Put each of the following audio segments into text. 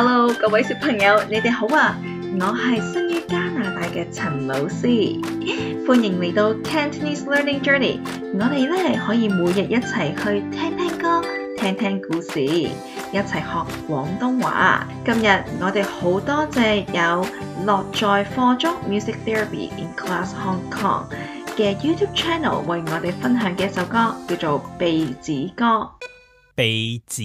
Hello，各位小朋友，你哋好啊！我係生於加拿大嘅陳老師，歡迎嚟到 Cantonese Learning Journey。我哋呢可以每日一齊去聽聽歌、聽聽故事，一齊學廣東話。今日我哋好多謝有樂在課中 Music Therapy in Class Hong Kong 嘅 YouTube Channel 為我哋分享嘅一首歌，叫做《鼻子歌》。鼻子。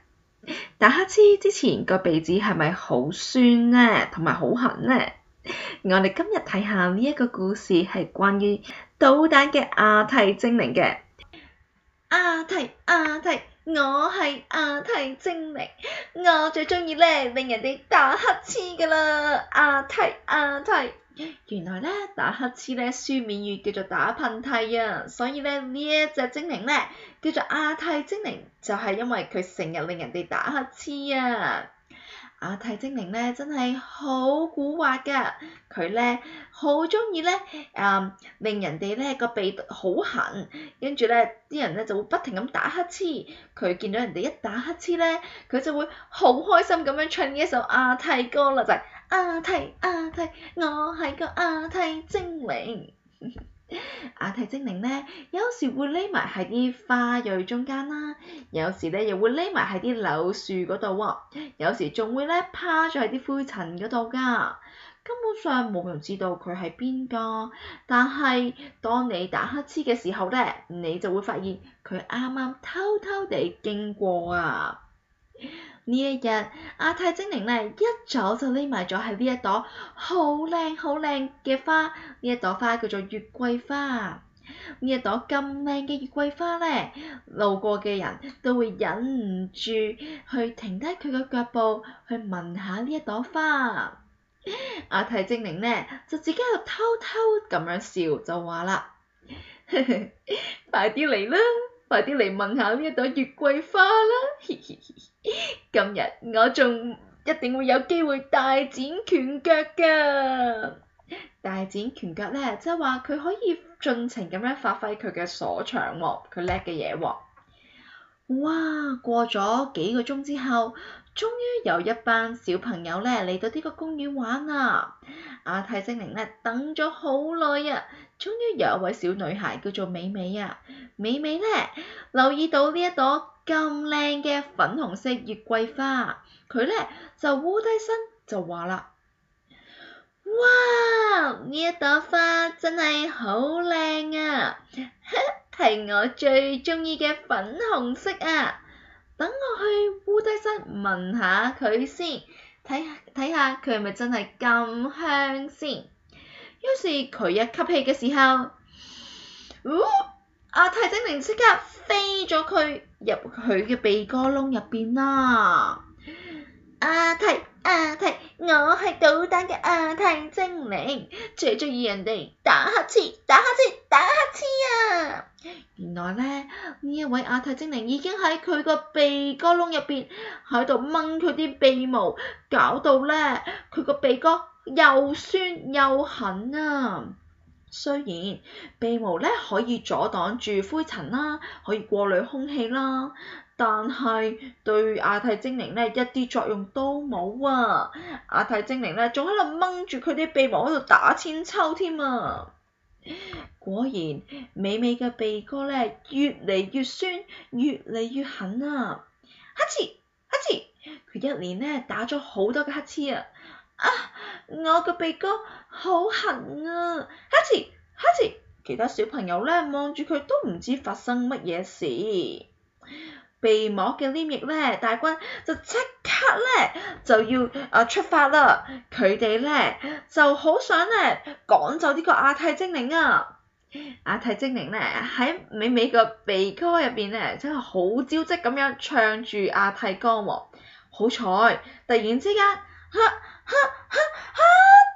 打乞嗤之前個鼻子係咪好酸呢？同埋好痕呢？我哋今日睇下呢一個故事係關於搗蛋嘅阿蒂精靈嘅。阿蒂阿蒂，我係阿蒂精靈，我最鍾意咧，令人哋打乞嗤㗎喇。阿蒂阿蒂。原來咧，打乞嗤咧，書面語叫做打噴嚏啊，所以咧，呢一隻精靈咧，叫做亞太精靈，就係因為佢成日令人哋打乞嗤啊！亞太精靈咧，真係好古惑噶，佢咧好中意咧，誒，令人哋咧個鼻好痕，跟住咧，啲人咧就會不停咁打乞嗤。佢見到人哋一打乞嗤咧，佢就會好開心咁樣唱呢一首亞太歌啦，就係。阿提，阿提，我係個阿提精靈。阿提 精靈呢，有時會匿埋喺啲花蕊中間啦，有時呢又會匿埋喺啲柳樹嗰度喎，有時仲會呢趴咗喺啲灰塵嗰度噶。根本上冇人知道佢係邊個，但係當你打乞嗤嘅時候呢，你就會發現佢啱啱偷偷地經過啊！呢一日，阿太精靈咧一早就匿埋咗喺呢一朵好靚好靚嘅花，呢一朵花叫做月桂花。呢一朵咁靚嘅月桂花咧，路過嘅人都會忍唔住去停低佢嘅腳步去聞下呢一朵花。阿太精靈咧就自己喺度偷偷咁樣笑就，就話啦：嘿嘿，快啲嚟啦！快啲嚟問下呢一朵月桂花啦！ 今日我仲一定會有機會大展拳腳㗎。大展拳腳咧，即係話佢可以盡情咁樣發揮佢嘅所長喎，佢叻嘅嘢喎。哇！過咗幾個鐘之後，終於有一班小朋友咧嚟到呢個公園玩啦。阿太精靈咧等咗好耐啊！終於有一位小女孩叫做美美啊，美美呢，留意到呢一朵咁靚嘅粉紅色月桂花，佢呢就烏低身就話啦：哇！呢一朵花真係好靚啊，係 我最中意嘅粉紅色啊！等我去烏低身聞下佢先，睇睇下佢係咪真係咁香先。於是佢一吸氣嘅時候，阿泰、哦啊、精靈即刻飛咗佢入佢嘅鼻哥窿入邊啦。阿泰阿泰，我係搗蛋嘅阿泰精靈，最鍾意人哋打乞嗤、打乞嗤、打乞嗤啊！原來咧，呢一位阿、啊、泰精靈已經喺佢個鼻哥窿入邊喺度掹佢啲鼻毛，搞到咧佢個鼻哥又酸又狠啊！雖然鼻毛咧可以阻擋住灰塵啦、啊，可以過濾空氣啦、啊，但係對亞太精靈咧一啲作用都冇啊！亞太精靈咧仲喺度掹住佢啲鼻毛喺度打千秋添啊！果然美美嘅鼻哥咧越嚟越酸，越嚟越狠啊！乞嗤乞嗤，佢一年咧打咗好多嘅乞嗤啊！啊！我個鼻哥好痕啊！下次，下次，其他小朋友咧望住佢都唔知發生乜嘢事。鼻膜嘅黏液咧，大軍就即刻咧就要啊出發啦！佢哋咧就好想咧趕走呢個亞太精靈啊！亞太精靈咧喺美美個鼻哥入邊咧，真係好招積咁樣唱住亞太歌喎。好彩，突然之間。哈哈，哈哈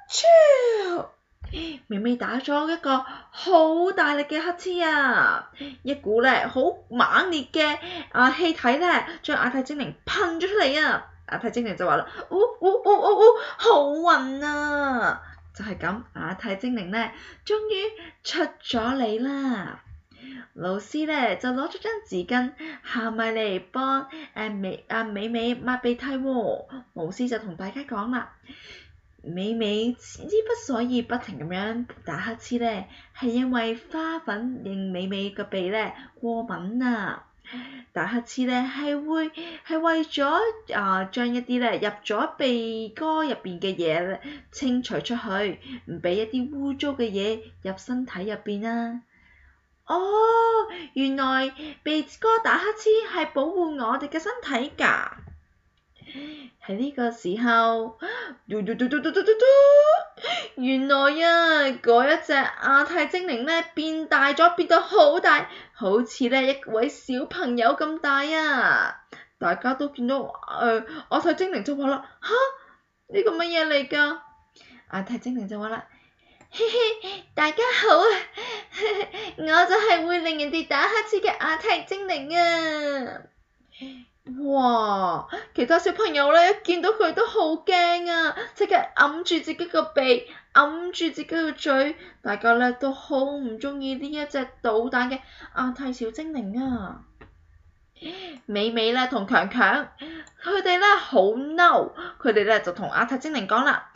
啾！微微打咗一個好大力嘅哈嗤啊，一股咧好猛烈嘅啊氣體咧，將亞太精靈噴咗出嚟啊！亞太精靈就話啦：，嗚嗚嗚嗚嗚，好暈啊！就係咁，亞太精靈咧，終於出咗嚟啦。老師咧就攞咗張紙巾行埋嚟幫誒、呃、美阿、呃、美美抹鼻涕喎、哦。老師就同大家講啦，美美之不所以不停咁樣打乞嗤咧，係因為花粉令美美個鼻咧過敏啊。打乞嗤咧係會係為咗啊、呃、將一啲咧入咗鼻哥入邊嘅嘢清除出去，唔俾一啲污糟嘅嘢入身體入邊啊。哦，原來鼻哥打乞嗤係保護我哋嘅身體噶。喺呢個時候，嘟嘟嘟嘟嘟嘟嘟，原來啊，嗰一隻亞太精靈咧變大咗，變到好大，好似咧一位小朋友咁大啊！大家都見到，誒、呃，亞太精靈就話啦，吓，呢個乜嘢嚟噶？亞太精靈就話啦，嘿嘿，大家好啊！ 我就係會令人哋打乞嗤嘅牙太精靈啊！哇，其他小朋友咧一見到佢都好驚啊，即刻揞住自己個鼻，揞住自己個嘴，大家咧都好唔中意呢一隻搗蛋嘅牙太小精靈啊！美美咧同強強，佢哋咧好嬲。佢哋咧就同阿塔精靈講啦：，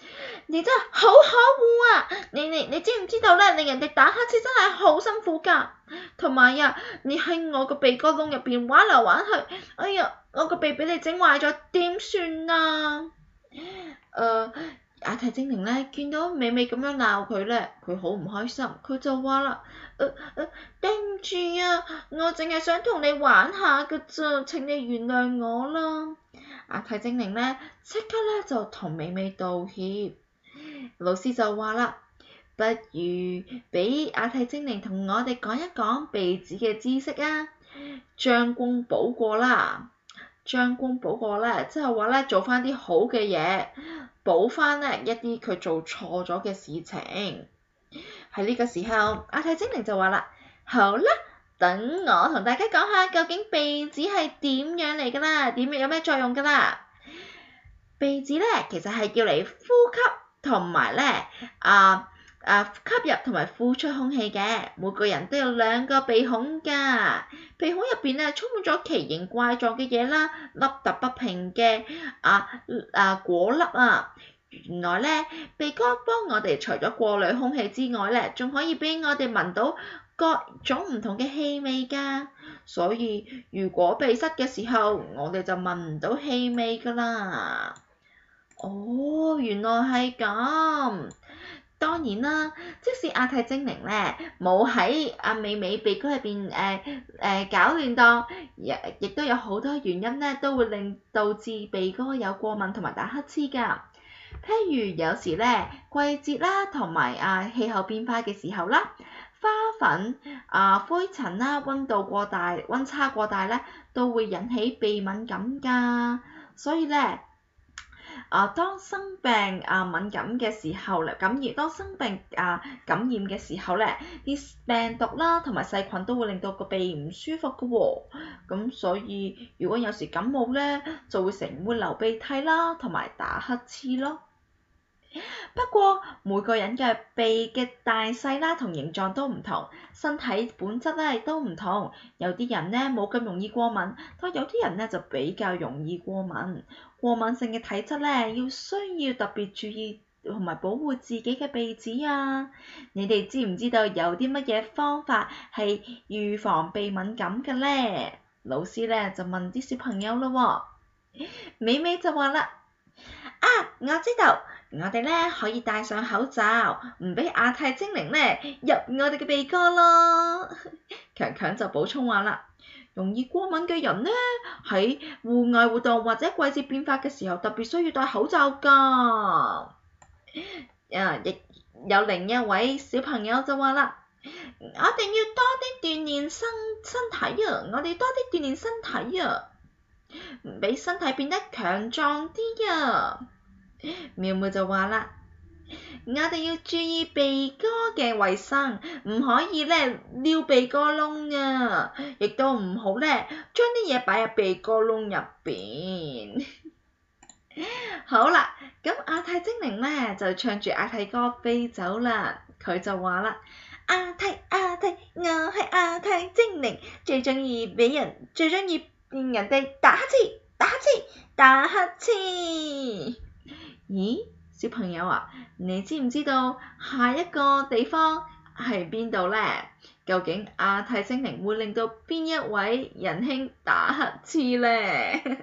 你真係好可惡啊！你你你知唔知道咧？你人哋打乞嗤真係好辛苦噶。同埋啊，你喺我個鼻哥窿入邊玩嚟玩去，哎呀，我個鼻俾你整壞咗，點算啊？誒、呃。牙替精靈咧見到美美咁樣鬧佢咧，佢好唔開心，佢就話啦：呃，呃，對唔住啊，我淨係想同你玩下嘅啫，請你原諒我啦。牙替精靈咧即刻咧就同美美道歉。老師就話啦，不如俾牙替精靈同我哋講一講鼻子嘅知識啊，將功補過啦。將功補過咧，即係話咧做翻啲好嘅嘢，補翻咧一啲佢做錯咗嘅事情。喺呢個時候，阿太精靈就話啦：好啦，等我同大家講下究竟鼻子係點樣嚟㗎啦，點樣有咩作用㗎啦？鼻子咧其實係叫你呼吸同埋咧啊。啊，吸入同埋呼出空氣嘅，每個人都有兩個鼻孔㗎，鼻孔入邊呢充滿咗奇形怪狀嘅嘢啦，凹凸不平嘅啊啊果粒啊，原來呢鼻哥幫我哋除咗過濾空氣之外呢，仲可以畀我哋聞到各種唔同嘅氣味㗎，所以如果鼻塞嘅時候，我哋就聞唔到氣味㗎喇。哦，原來係咁。當然啦，即使阿太精靈咧冇喺阿美美鼻哥入邊誒誒搞亂檔，亦都有好多原因咧，都會令導致鼻哥有過敏同埋打乞嗤㗎。譬如有時咧季節啦，同埋啊氣候變化嘅時候啦，花粉啊、呃、灰塵啦，溫度過大、溫差過大咧，都會引起鼻敏感㗎。所以咧～啊，當生病啊敏感嘅時候感染，當生病啊感染嘅時候咧，啲病毒啦同埋細菌都會令到個鼻唔舒服嘅喎、哦，咁所以如果有時感冒咧，就會成日流鼻涕啦，同埋打乞嗤咯。不過每個人嘅鼻嘅大細啦同形狀都唔同，身體本質咧都唔同。有啲人呢冇咁容易過敏，但有啲人呢就比較容易過敏。過敏性嘅體質咧，要需要特別注意同埋保護自己嘅鼻子啊！你哋知唔知道有啲乜嘢方法係預防鼻敏感嘅呢？老師咧就問啲小朋友咯、哦。美美就話啦，啊，我知道。我哋咧可以戴上口罩，唔俾亞太精靈咧入我哋嘅鼻哥咯。強 強就補充話啦，容易過敏嘅人咧喺戶外活動或者季節變化嘅時候，特別需要戴口罩㗎。 啊！亦有另一位小朋友就話啦，我哋要多啲鍛鍊身身體啊，我哋多啲鍛鍊身體啊，唔俾身體變得強壯啲啊。苗苗就話啦：我哋要注意鼻哥嘅衞生，唔可以咧撩鼻哥窿啊，亦都唔好咧將啲嘢擺入鼻哥窿入邊。 好啦，咁阿太精靈咧就唱住阿太歌飛走啦。佢就話啦：阿太，阿太，我係阿太精靈，最中意俾人最中意俾人哋打乞嗤，打乞嗤，打乞嗤。咦，小朋友啊，你知唔知道下一個地方係邊度呢？究竟阿太精靈會令到邊一位仁兄打乞嗤呢？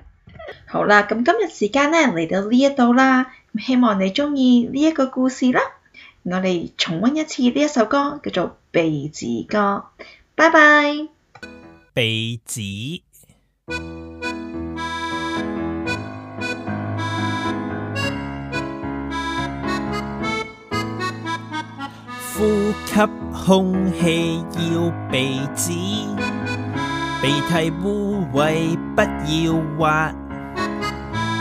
好啦，咁今日時間呢，嚟到呢一度啦，希望你中意呢一個故事啦。我哋重温一次呢一首歌，叫做《鼻子歌》。拜拜，鼻子。呼吸空氣要鼻子，鼻涕污穢不要挖，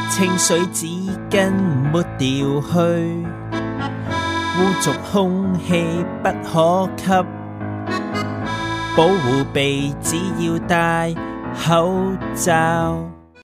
清水紙巾抹掉去，污濁空氣不可吸，保護鼻子要戴口罩。